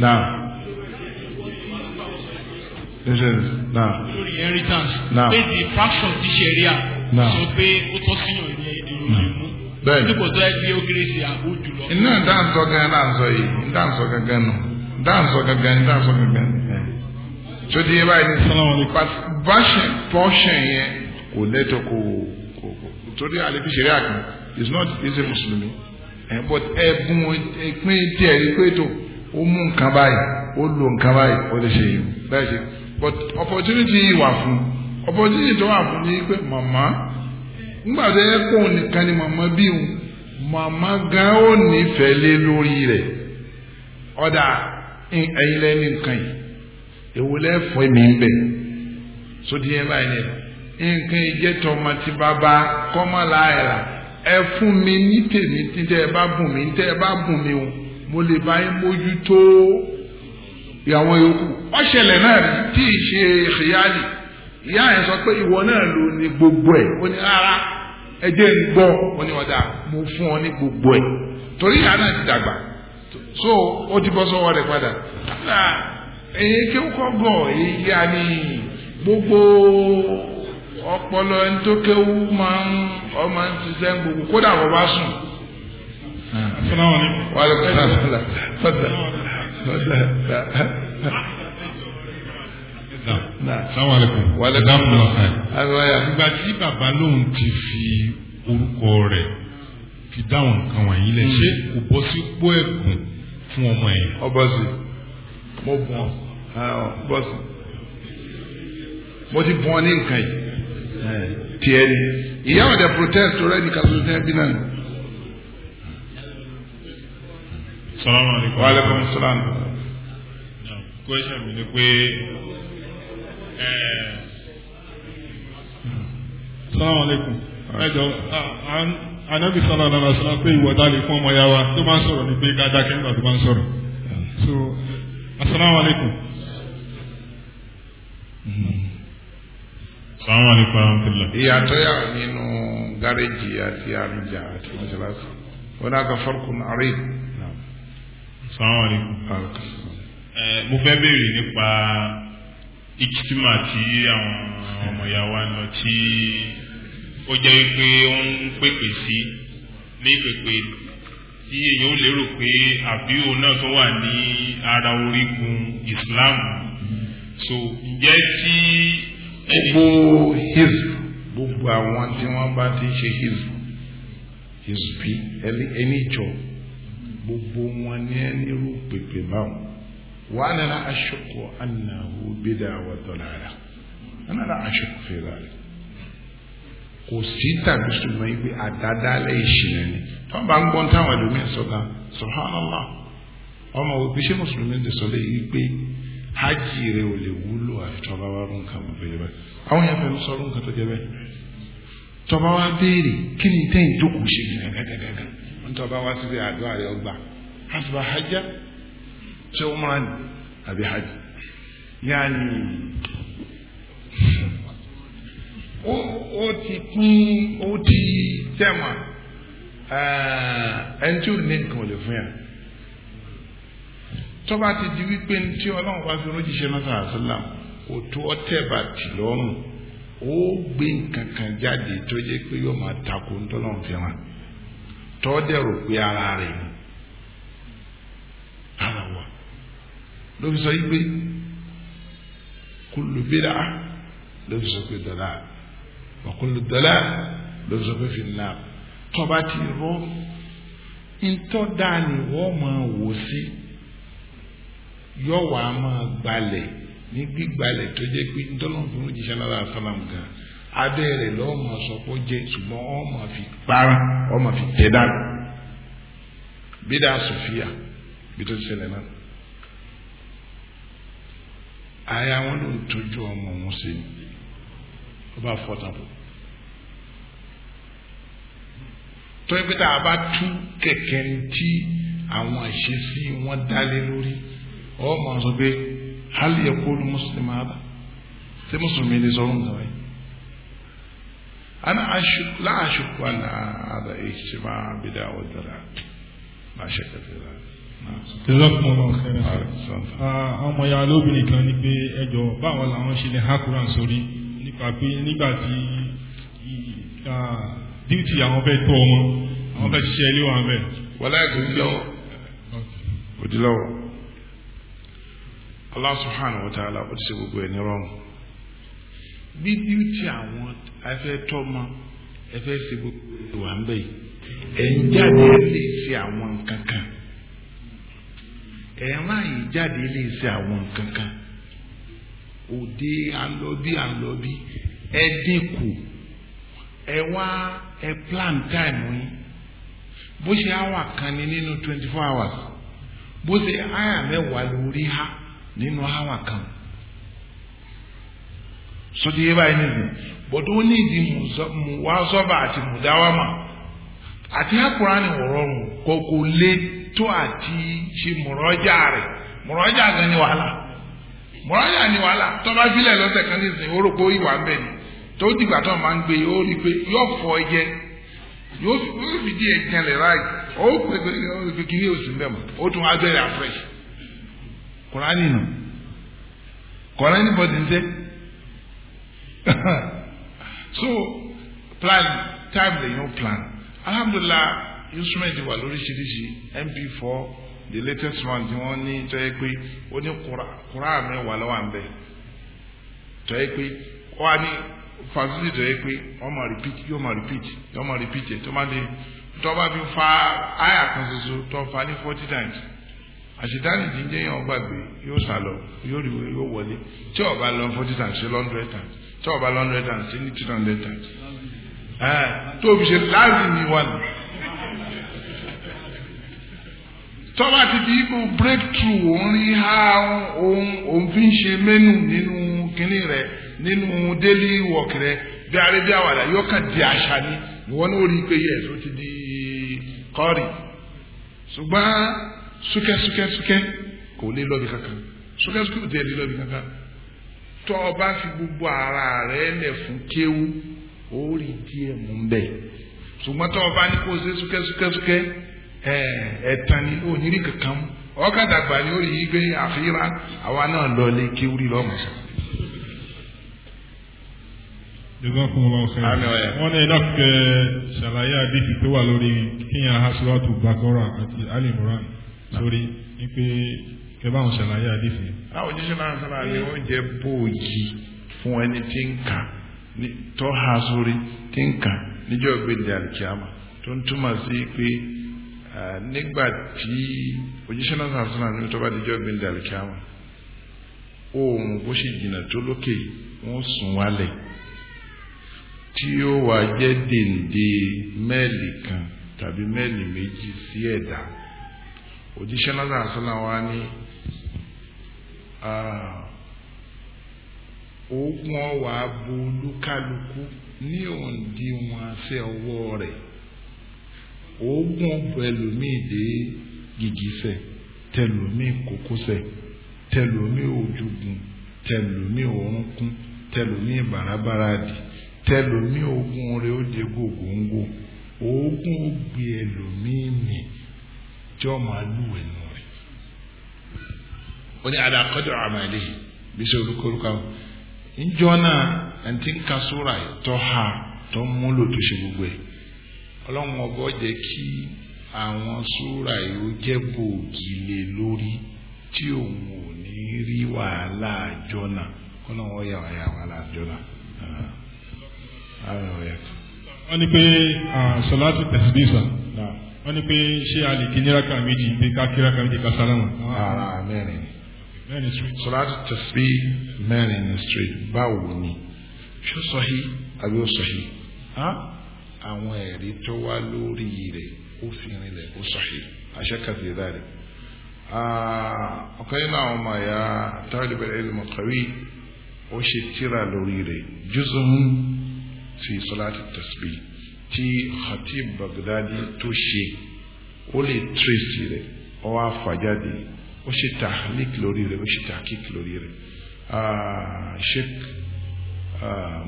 náà náà lórí inheritance pé the fraction ti kò hmm. tó ẹgbẹ́ ó kéré sí àbójú lọ. iná ìdáǹsọ gan náà sọ yìí ìdáǹsọ gan-an náà. dáàsọ gangan ni dáàsọ gangan ni tó di yẹ báyìí ní sọlá wọn ni báṣẹ pọṣẹn yẹn kò lẹ́tọ̀ kò kò is not is a eh, but ebun ẹpín ti eri pé to o mú nǹkan báyìí lo nǹkan báyìí ó lè but opportunity wa fun opportunity tó wa fun ni pé màmá nígbà tó yẹ kó nìkan ni màmá bí òun màmá gan ó nífẹ̀ẹ́ lé lórí ẹ̀yin lẹ́ni nǹkan yìí èwo lẹ́fọ̀ mi ń bẹ̀ sódì yẹn báyìí ni nǹkan ìjẹ́tọ̀ ọmọ ti bàbá kọ́mọ́ láìra ẹ fún mi ní tèmi títẹ́ ẹ bá bùn mí tẹ́ ẹ bá bùn mí o mo lè bá yín mójútó ìyàwó yòókù ọ̀ṣẹ̀lẹ̀ náà rí ṣe ìyáàlì ìyá yẹn sọ pé ìwọ náà ló ní gbogbo ẹ̀ ó ní rárá ẹ jẹ́ ń gbọ́ ó ní ọ̀dà mo fún ọ ní gbogbo ẹ̀ torí ìyá náà ti dàgbà so ó ti bọ́ sọ́wọ́ Na padà èyí kí ó kọ́ gọ̀ èyí yá ni gbogbo ọpọlọ ẹni tó kéwú máa ń ọmọ ń ṣiṣẹ́ ń gbogbo kódà wọ́n bá sùn. Sáwàlẹ́kùn. tí bàbá lòun ti fi orúkọ rẹ̀ fi dáwọn nǹkan wọ̀nyí lẹ̀ ṣé hmm. kò bọ́ sí pọ́ ẹ̀gùn fún ọmọ yẹn. ọ bọ́ sí mo bọ̀ bọ́ sí mo ti bọ̀ ní nǹkan yìí tiẹ̀ ni ìyá ọ̀dẹ̀ protest rẹ̀ ní kàtó tẹ́ bí náà. salamu alaykum. wa aleykum salaam. question mi ni pé hmm. salamu alaykum anabi sọlá ọ̀nà sọlá pé ìwọ̀dà lè fún ọmọ ya wa tó máa ń sọ̀rọ̀ ní pé káàdá kí nígbà tó máa ń sọ̀rọ̀ so asalaamualeykum. asalaamualeykum warahmatulah. ìyàtọ̀ yà nínú gáréjì àti àrùjà àti mọ́ṣáláṣí wọn náà ka fọ́ọ̀kùn àrí. asalaamualeykum. Eh, mo fẹ́ béèrè nípa ìkìtìmọ̀ tí àwọn ọmọ ya wa lọ tí. ó jẹ́ pé ó ń pèpè sí ní pèpè tí èèyàn lérò pé àbíò náà tó wà ní ara orígun Islam so ǹjẹ́ tí. gbogbo hizb gbogbo àwọn tí wọ́n bá ti ṣe hizb hizbi ẹni ìjọ gbogbo wọn ní ẹni rú pèpè báwọn wàá nana aṣọkọ anáwó gbéra wà tọ́lára wọn nana aṣọkọ fèrè rẹ. kò sí tàbí ṣùgbọ́n ibi àdádálẹ̀ ìṣìnà ni tó bá ń gbọ́n táwọn subhanallah ọmọ òbí ṣé mùsùlùmí ti sọ lé pé hajj rẹ ò lè wúlò àfi tó bá rún nǹkan bẹ́ẹ̀ bẹ́ẹ̀ àwọn yẹn fẹ́ sọ rún nǹkan tó bẹ́ẹ̀ béèrè kí ni tẹ́yìn tó kù ṣe gàgàgàgà ń o ti pín ó ti tẹ̀mà ẹni tí ò ní nǹkan ò lè fún yà tọ́ba ti di wípé tí ọlọ́run bá fi rójíṣẹ́ náà sàásìlám òtún ọtẹ bá tì lọ́rùn ó gbé nǹkan kan jáde tó jẹ́ pé yóò máa takò ńtọ́lọ́run fi hàn tọ́ dẹ̀rò pé ara rẹ̀ ni ara wa ló fi sọ yí pé kùlùbíra ló sọ pé dọ̀là ọ̀kùnrin dọ́là ló sọ pé fìlà tọ́ba ti rọ́ ntọ́ dáa ni wọ́n máa wò sí yọ wà á máa gbalẹ̀ ní gbígbalẹ̀ tó jẹ́ pé ntọ́lọ́mùfún jíṣẹ́ lára sálàmù gan abẹ́ rẹ̀ lọ́ọ́ máa sọ pé ó jẹ́ ṣùgbọ́n ọ́ máa fi para ọ́ máa fi tẹ̀ dànù bídà sọfíà bí tó ṣẹlẹ̀ náà àyà wọn ló ń tọ́jú ọmọ wọn sí ni ó bá fọ́ tàbó tóyẹ pé tá a bá tú kẹ̀kẹ́ tí àwọn àṣesí wọn dálé lórí ọ mọ sọ pé hali yẹ kó mùsùlùmí àdá ṣé mùsùlùmí lè sọ ọ́n náà yìí ana láàṣùkú àná àdá ìṣèmá bìdá ọ̀dọ́rà máa ṣe kẹfẹ́ rà. Tẹ̀lọ́pọ̀ náà kẹrẹ. Àwọn ọmọ ya lóbìnrin kan ní pé ẹjọ́ báwọn làwọn ṣe lè hákùrà sórí gbà pé nígbà tí díìtì àwọn fẹ́ tó ọmọ àwọn fẹ́ ṣiṣẹ́ ilé wọn bẹ́ẹ̀. wọlé kò sí lọ́wọ́ kò sí lọ́wọ́ Allah subhanahu wa ta'ala ó ti ṣe gbogbo ẹ̀ ní rọrùn bí díìtì àwọn afẹ́ tọ́ ọmọ ẹ fẹ́ ṣe gbogbo ẹ̀ wà ń bẹ̀ yìí ẹ̀ ń jáde lè ṣe àwọn kankan ẹ̀ ń ráàyè jáde lè ṣe àwọn kankan. ụdị alobi alobi lọ bí à ń lọ bó ṣe hour kan ni nínú twenty four hours bó ṣe mẹ́wàá lórí ha nínú hour kan sọdí yé báyìí nìyí bọ̀dọ̀ ó ní ìdí mùwásọ́bà àti mùdáwámà àti àkùránì ọ̀rọ̀rùn kò kò tó àti ṣe mùrọ́jà rẹ̀ mùrọ́jà gan ni mọ̀ráyà ni wàhálà tọ́ba fílẹ̀ lọ́sẹ̀ kan ní ìsìn orókó ìwà ń bẹ̀ ni tó dìgbà tó máa ń gbé yóò rí i pé yóò fọ ẹyẹ yóò fi di ẹ̀jẹ̀ lẹ̀ ráì ó pè é kí ní òsì ń bẹ̀ ó tún á afresh kùránì nù kùránì bọ̀dì ń *laughs* so plan time lè yàn plan alhamdulilah instrument wà lóríṣiríṣi mp4 the latest one tí wọ́n ní tó yẹ pé ó ní Quran mẹ́wàá lọ́wọ́ à ń bẹ̀ tó yẹ pé ó wà ní facility tó yẹ pé wọ́n máa repeat yóò máa repeat yóò máa repeat ẹ̀ tó máa lè tó bá fi fa àyà kan ṣoṣo tó fa ní forty times àṣetánì tí ń jẹ́ yẹn ọgbàgbé yóò sálọ yóò rí yóò wọlé tí ó bá lọ forty times ṣe hundred times tí ó bá lọ hundred times ṣe ní two hundred times tó fi ṣe láàrin ní wà nù. tọ́ba ti di ipò breakthrough òun rí ha òun òun fi ń ṣe mẹ́nu nínú kínní rẹ̀ nínú daily work rẹ̀ bí arẹ́bí àwàdà yóò kàn di àṣà ni ìwọ ní orí pé tó ti di kọ́ọ̀rì ṣùgbọ́n súkẹ́súkẹ́súkẹ́ kò lè lọ́bi kankan súkẹ́súkẹ́ kò tẹ̀ lè lọ́bi kankan tọ́ ọ bá fi gbogbo ara rẹ̀ lẹ̀ fún kéwú ó rí díẹ̀ mú bẹ́ẹ̀ ṣùgbọ́n tọ́ ní kó ṣe súkẹ́súkẹ́súkẹ́ Eh, ẹ̀tàn ni ònyìnrí kankan mu ọ̀kadàgbà ni ó rí i àfihàn àwa náà lọ lé kéwúrí lọ́mọ̀ sọ. jazakum allah khairan wọn ní ẹdáfẹ eh, ṣàlàyé àdìsí tó wà lórí kíyàn aṣọwàtú bakora àti alimuran sórí wípé kẹbà ń ṣàlàyé àdìsí. àwọn òjíṣẹ́ náà ṣàlàyé oúnjẹ bóòjì fún ẹni tí ń kà tó ha sórí tí ń kà níjọ́ tó ń nígbà tí òjíṣẹ́ náà sàásùnà ní tó bá dijọ́ gbin dàlùkíámà oòrùn bó ṣe jìnnà tó lókè wọ́n sùn wálẹ̀ tí ó wàá jẹ́ dèndé mẹ́ẹ̀lì kan tàbí mẹ́ẹ̀lì méjì sí ẹ̀dá òjíṣẹ́ náà sàásùnà wa ní oògùn ọ̀wà abolúkálukú ní òǹdíwọ̀n sí ọwọ́ rẹ̀. òógùn ẹlòmíì dé gìgísẹ̀ tẹlòmíì kókósẹ̀ tẹlòmíì ojúgun tẹlòmíì orúnkún tẹlòmíì bàràbàràdì tẹlòmíì ogun rẹ̀ ó de gògóńgò òógùn gbé ẹlòmíì mì tí ó máa nù rẹ̀. ó ní àdàkọ́jọ́ àmàlẹ́ yìí sọ orúkọ orúkọ àwọn ìjọ náà ẹni tí ń ka sóra ha tó ń múlò tó ṣe gbogbo ọlọ́run ọbọ̀ jẹ́ kí àwọn súra yìí ó jẹ́ bòògì lé lórí tí òun ò ní rí wàhálà àjọ náà kọ́lọ́run ọ̀yà ọ̀yà wàhálà àjọ náà. Ah, ah, wọ́n ní pé sọláàtì tẹ̀sídìsà wọ́n ní pé ṣé a lè kí níraka méjì pé ká kí níraka méjì ká sálámà. Ah, mẹ́rin mẹ́rin street. sọláàtì tẹ̀sídì mẹ́rin street báwo ni ṣó sọ́hí àbí ó sọ́hí àwọn ẹ̀rí tó wá lórí rẹ̀ ó fi rinlẹ̀ ó sahih àṣẹ́kàtì dáre. ọ̀kan nínú àwọn ọmọ àyà talib al-ilm qawi ó ṣe tíra lórí rẹ̀ juz'un fi salati tasbih tí khatib baghdadi tó ṣe ó lè tracy rẹ̀ ó wá fàjáde ó ṣe tahlik lórí rẹ̀ ó ṣe tahkik lórí rẹ̀ sheikh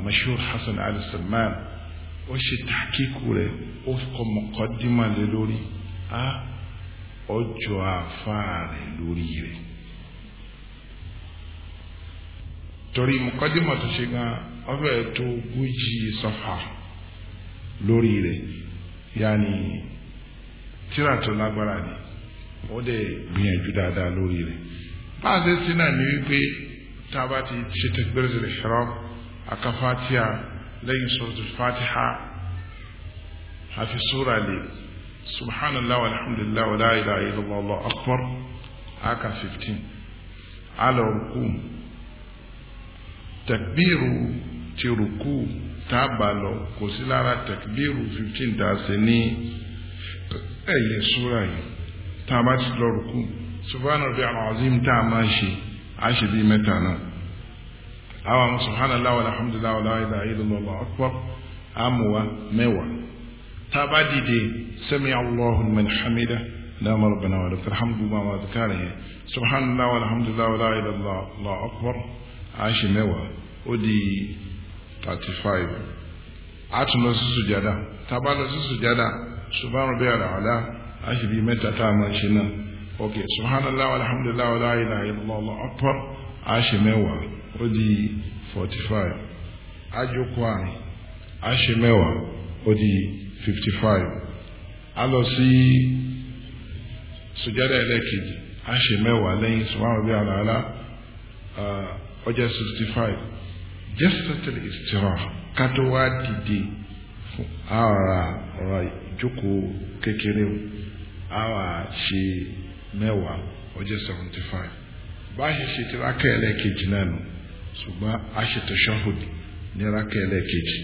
mashhur hasan ali ó ṣe tàkíkù rẹ̀ ó kọmọkọ dímọ̀lẹ́ lórí á ọjọ́ àfáà rẹ̀ lórí rẹ̀ torí mọ̀kọ́dímọ̀ tó ṣe gan ọbẹ̀ tó ogójì sọ́fà lórí rẹ̀ yáni tíra tó lágbára ni ó dẹ̀ gbìyànjú dáadáa lórí rẹ̀ bá sí náà ni wípé tá ti ṣe tẹ̀gbẹ́rẹ́sì rẹ̀ ṣọ́rọ́ akáfátíà lẹ́yìn suratul fatiha àfi sura lè subhanallah walhamdulillah wa la ilaha illallah Allahu akbar aka 15 ala ruku takbiru ti ruku tá a bá lọ kò sí lára takbiru 15 tá a ṣe ní ẹ̀yìn sura yìí tá a bá ti lọ ruku subhanallah alazim tá a máa ṣe a ṣe bí mẹ́ta náà. àwọn àmọ́ subhanallah walhamdulillah wala ilaha illallah Allahu akbar àmúwa mẹ́wàá tá a bá dìde sami'a Allahu liman hamidah اللهم ربنا ولك الحمد بما وذكاره سبحان الله والحمد لله ولا اله الا الله الله اكبر عاش ميوا ودي 35 اتنا سجدا تبانا سجدا سبحان ربي الاعلى عاش بي متى تاما شنا اوكي سبحان الله والحمد لله ولا اله الا الله الله اكبر عاش ميوا odi di forty five ajoko àrùn àṣe mẹ́wàá ó di fifty five a lọ sí sùjádà ẹlẹ́kejì àṣe mẹ́wàá lẹ́yìn sùnwárùn bí àlàálá ó jẹ́ sixty five ara ṣe mẹwa. ó jẹ́ seventy five ṣe ṣùgbọ́n a ṣe tashahud ní rákà ẹlẹ́ẹ̀kejì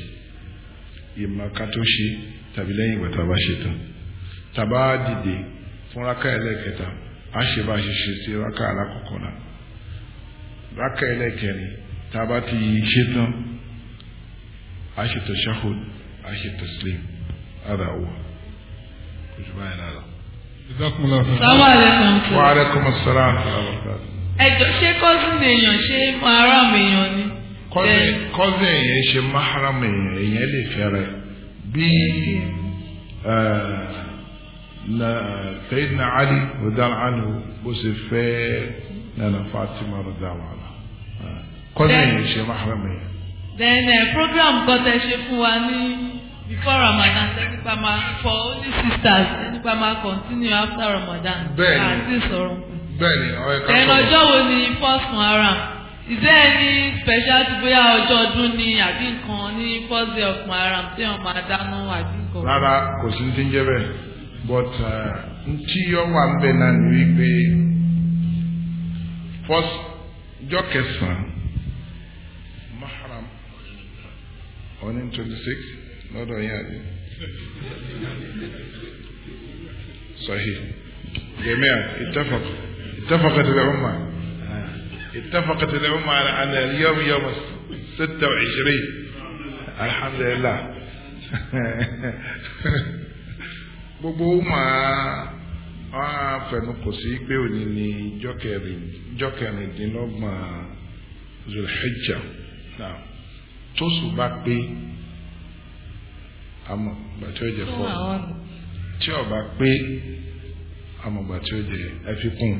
ìmọ̀ ká tó ṣe tàbí lẹ́yìn ìgbà tá a bá ṣe tán tá a bá dìde fún rákà ẹlẹ́ẹ̀kẹta a ṣe bá a ṣe ṣe sí rákà alákọ̀ọ́kọ́ náà rákà ẹlẹ́ẹ̀kẹrin tá a bá ti ṣe tán a ṣe tashahud a ṣe ara wa kò jù báyìí náà lọ. Wa alaikum assalam ẹjọ ṣé cousin èèyàn ṣe maharam èèyàn ni. cousin èèyàn ṣe maharam èèyàn èèyàn lè fẹ́rẹ̀ bí eh, Sayyidina Ali radiyallahu bó ṣe fẹ́ Nana Fatima radiyallahu cousin èèyàn ṣe maharam èèyàn. then uh, program kan tẹ ṣe fún wa ní before Ramadan tẹnipa ma for only sisters tẹnipa ma continue after Ramadan. bẹ́ẹ̀ni àti sọ̀rọ̀. bẹ́ẹ̀ni ọ̀rẹ́ wo ni first Muharram is there any speciality bóyá ọjọ́ ọdún ni àbí nǹkan ní first day of Muharram tí wọ́n máa dáná àbí nǹkan. rárá kò sí but uh, ntí yọ wà ń náà first ọjọ́ kẹsàn-án twenty six lọ́dọ̀ yẹn àbí. صحيح جميعا اتفقت الأمة اتفقت الأمة على اليوم يوم 26 الحمد لله gbogbo máa wọn fẹnu kò sí pé òní ni ìjọ kẹrìndínlọ́gbọ̀n zulhijja náà tó sùn bá pé amọ̀gbà tí ó jẹ fọ́ tí ó bá pé amọ̀gbà tí ó jẹ ẹ fi kún un.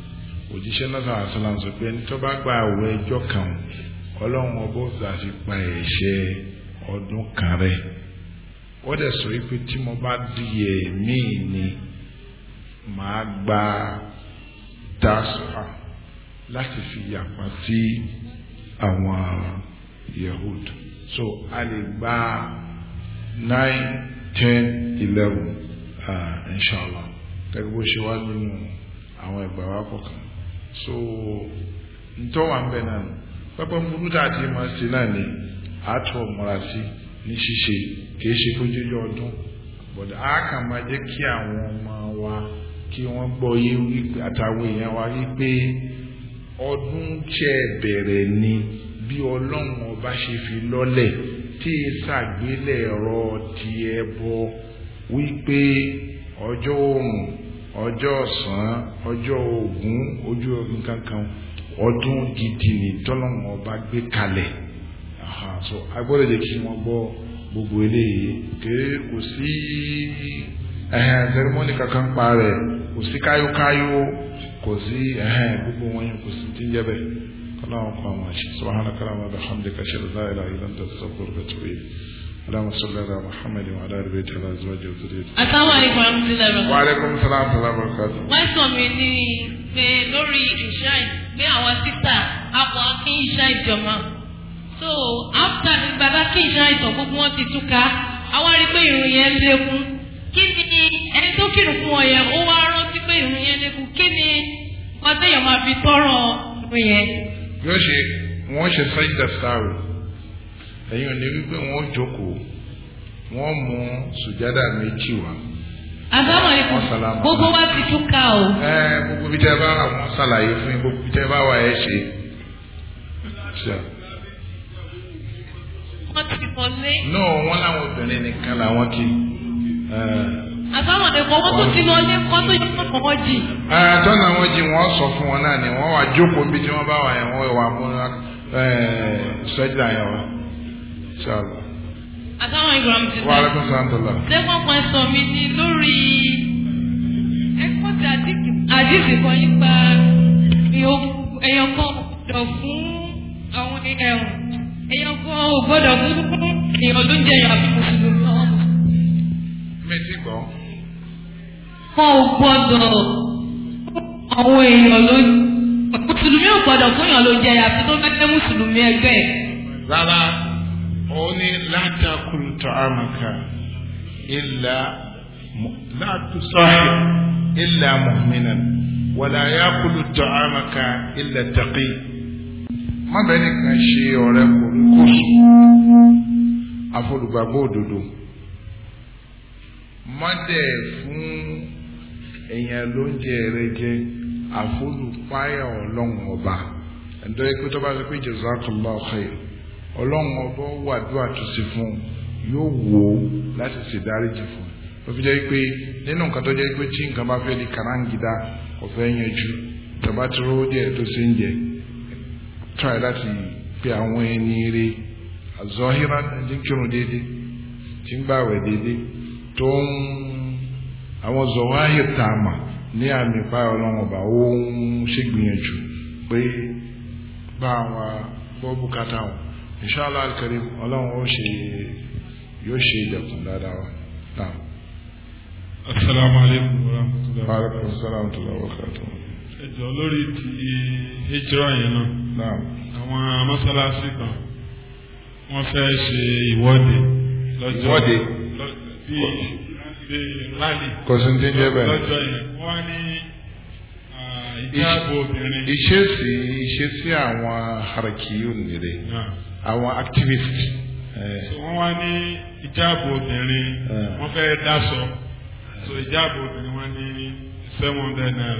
òjíṣẹ́ náà àṣàlàn sọ pé ẹni tó bá gba àwẹ̀ ẹjọ́ kan ọlọ́run ọbọ̀ àti pa ẹ̀ṣẹ̀ ọdún kan rẹ̀ wọ́n dẹ̀ sọ pé tí mo bá di ẹ̀mí ni màá gba dasfa láti fi yàpá sí àwọn Yahud so a lè gba nine ten eleven ah, inshallah gẹ́gẹ́ bó ṣe wá nínú àwọn ìgbà wa kọ̀ọ̀kan so ntọ́ wa ń bẹ náà pẹpẹ múlú tá a ti máa ṣe náà ni àtọ̀ mọ́ra sí ní ṣíṣe kìí ṣe kó jẹjọ ọdún bọ̀dọ̀ á kàn máa kí àwọn ọmọ wa kí wọ́n gbọ́ yé àtàwọn èèyàn wa rí pé ọdún tiẹ̀ ni bí ọlọ́run ọba ṣe fi lọ́lẹ̀ tí ì ṣàgbélẹ̀rọ tiẹ̀ bọ wípé ọjọ́ oòrùn ọjọ́ ọ̀sán ọjọ́ ogun ojú nǹkan kankan ọdún gidi ni tọ́lọ́mù ọba gbé kalẹ̀ so agbọ́dọ̀ jẹ́ kí wọ́n gbọ́ gbogbo eléyìí pé kò sí sẹrimọ́nì kankan pa rẹ̀ kò sí káyókáyó kò sí gbogbo wọn yẹn kò sí tí ń jẹ́ bẹ́ẹ̀ اللهم صل على محمد وعلى ال بيته وعلى ازواجه وذريته. السلام عليكم ورحمة الله وبركاته. وعليكم السلام ورحمة الله وبركاته. wọ́n sọ mi ní pé lórí ìṣáì pé àwọn sísà àpò kí ìṣáì so after the kí ìṣáì tọ̀ gbogbo wọn ti túká àwọn rí pé ìrùn yẹn lékún. kí ni ẹni tó kírun fún ọ yẹn ó wá rántí pé ìrùn yẹn lékún kí ni wọ́n tẹ̀yàn máa fi tọrọ ìrùn yẹn. yóò ṣe wọ́n ṣe sẹ́yìn dàsítàrù ẹ̀yin ò ní wípé wọ́n jókòó wọ́n mú sùjádà méjì wá. àbámọ̀lẹ́kùn gbogbo wa ti túká o. ẹ gbogbo bí tẹ́ bá wà wọ́n ṣàlàyé fún yín gbogbo bí tẹ́ bá wà ẹ ṣe. wọ́n ti kọ́ lé. náà wọ́n láwọn obìnrin nìkan làwọn kì í. àbámọ̀lẹ́kùn wọ́n tó ti lọ lé kọ́ tó yẹ kọ́ wọ́n jì. tọ́nà wọn jì wọ́n sọ fún wọn náà ni wọ́n wà jókòó bí tí wọ́n bá wà yẹn wọ́n wà mú sọ́jà yẹn wá. Inshallah. Àtàwọn ìgbà mi ti sọ. Wa alaikum salam. Second question mi ni lórí ẹ̀kọ́ ti àdìsí kan nípa èèyàn kan ọ̀dọ̀ fún àwọn ẹ̀wọ̀n. Èèyàn kan ò gbọ́dọ̀ fún èèyàn ló ń jẹ ìyàwó mùsùlùmí náà. Mi ti gbọ́. Kan ò gbọ́dọ̀ àwọn èèyàn ló mùsùlùmí ò gbọ́dọ̀ fún èèyàn ló ń jẹ ìyàwó tó fẹ́ mùsùlùmí ẹgbẹ́. Rárá òun ni látàkùn tọ́hámàkà ilà látùsọ́hì ilà mọ̀mìnà wàlà yàkùlù tọ́hámàkà ilà tàkì. má bẹ́ẹ̀ nìkan ṣe ọ̀rẹ́ kò ní kó sùn afọlùgbàgbọ́ òdodo mọ́dẹ̀ fún èèyàn lóúnjẹ rẹ jẹ àfọlùpáyà ọlọ́run ọba ẹ̀ńdọ́ yẹ pé tó bá sọ pé jazakallahu khair. ọlọ́run ọbọ̀ wà dúà tó ṣe fún yóò wò ó láti ṣèdáríjì fún ó fi jẹ́ pé nínú nǹkan tó jẹ́ pé tí nǹkan bá fẹ́ di kàráǹgídá kò yanjú tọba tí ó díẹ̀ tó ṣe ń jẹ try láti pe àwọn ẹni eré àzọ́hírà tí déédéé tí ń gbàwẹ̀ déédéé tó ń àwọn inṣàlá alkarim ọlọ́run ó ṣe yóò ṣe ilẹ̀kùn dáadáa wa náà. asalaamu alaykum wa rahmatulah. wa alaykum salaam wa rahmatulah wa barakatuh. ẹjọ lórí ti hijra yẹn náà. àwọn mọ́sálásí kan wọ́n fẹ́ ṣe ìwọ́de. ìwọ́de. bíi rally. kò sí ní jẹ́ lọ́jọ́ yẹn wọ́n ní ìjáàbò obìnrin. ìṣesí ìṣesí àwọn harakiyun nìyẹn àwọn activist. so wọ́n wá ní ìjáàbò obìnrin wọ́n fẹ́ dáṣọ so ìjáàbò obìnrin wọ́n ní seven hundred naira.